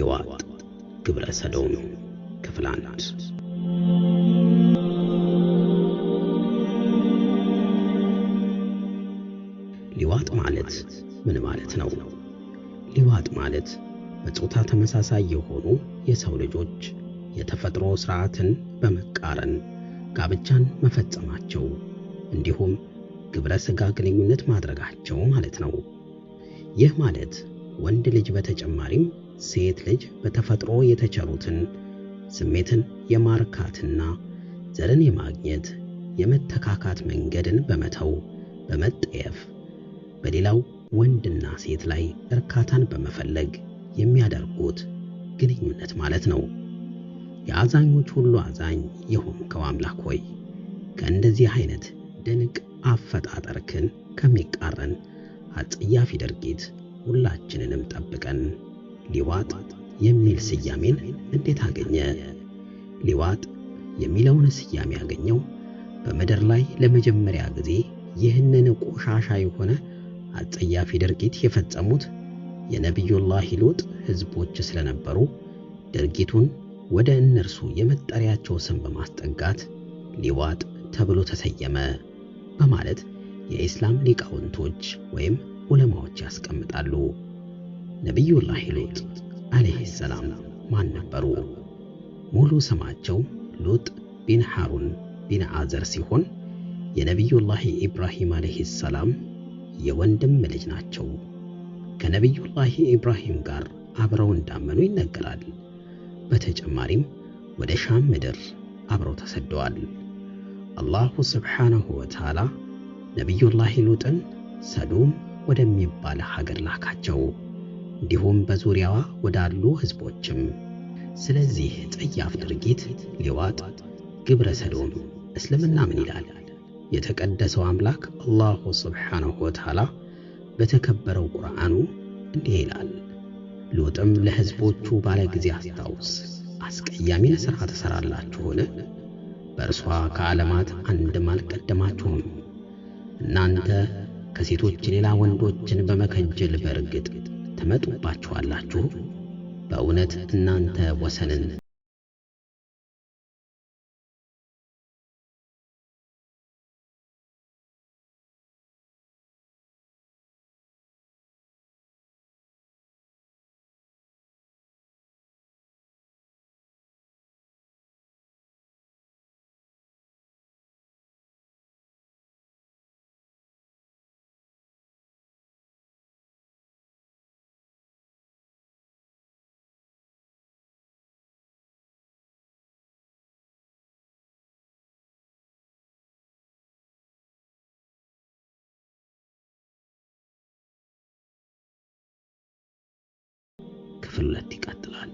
የዋጥ ግብረ ሰዶም ክፍል አንድ። ሊዋጥ ማለት ምን ማለት ነው? ሊዋጥ ማለት በጾታ ተመሳሳይ የሆኑ የሰው ልጆች የተፈጥሮ ሥርዓትን በመቃረን ጋብቻን መፈጸማቸው እንዲሁም ግብረ ሥጋ ግንኙነት ማድረጋቸው ማለት ነው። ይህ ማለት ወንድ ልጅ በተጨማሪም ሴት ልጅ በተፈጥሮ የተቸሩትን ስሜትን የማርካትና ዘርን የማግኘት የመተካካት መንገድን በመተው በመጠየፍ በሌላው ወንድና ሴት ላይ እርካታን በመፈለግ የሚያደርጉት ግንኙነት ማለት ነው። የአዛኞች ሁሉ አዛኝ የሆንከው አምላክ ሆይ ከእንደዚህ አይነት ድንቅ አፈጣጠርክን ከሚቃረን አጸያፊ ድርጊት ሁላችንንም ጠብቀን። ሊዋጥ የሚል ስያሜን እንዴት አገኘ? ሊዋጥ የሚለውን ስያሜ ያገኘው በምድር ላይ ለመጀመሪያ ጊዜ ይህንን ቆሻሻ የሆነ አጸያፊ ድርጊት የፈጸሙት የነቢዩላህ ሎጥ ህዝቦች ስለነበሩ ድርጊቱን ወደ እነርሱ የመጠሪያቸው ስም በማስጠጋት ሊዋጥ ተብሎ ተሰየመ በማለት የኢስላም ሊቃውንቶች ወይም ዑለማዎች ያስቀምጣሉ። ነቢዩላህ ሉጥ አለይሂ ሰላም ማን ነበሩ? ሙሉ ስማቸው ሉጥ ቢን ሐሩን ቢን አዘር ሲሆን የነቢዩላህ ኢብራሂም አለይሂ ሰላም የወንድም ልጅ ናቸው። ከነቢዩላህ ኢብራሂም ጋር አብረው እንዳመኑ ይነገራል። በተጨማሪም ወደ ሻም ምድር አብረው ተሰደዋል። አላሁ ስብሓነሁ ወተዓላ ነቢዩላህ ሉጥን ሰዱም ወደሚባል ሀገር ላካቸው። እንዲሁም በዙሪያዋ ወዳሉ ሕዝቦችም። ስለዚህ ጸያፍ ድርጊት ሊዋጥ ግብረ ሰዶም እስልምና ምን ይላል? የተቀደሰው አምላክ አላሁ ስብሓንሁ ወተዓላ በተከበረው ቁርአኑ እንዲህ ይላል፣ ሎጥም ለሕዝቦቹ ባለ ጊዜ አስታውስ፣ አስቀያሚን ሥራ ተሠራላችሁን? በእርሷ ከዓለማት አንድም አልቀደማችሁም። እናንተ ከሴቶች ሌላ ወንዶችን በመከንጀል በርግጥ ትመጡባችኋላችሁ። በእውነት እናንተ ወሰንን በክለት ይቀጥላል።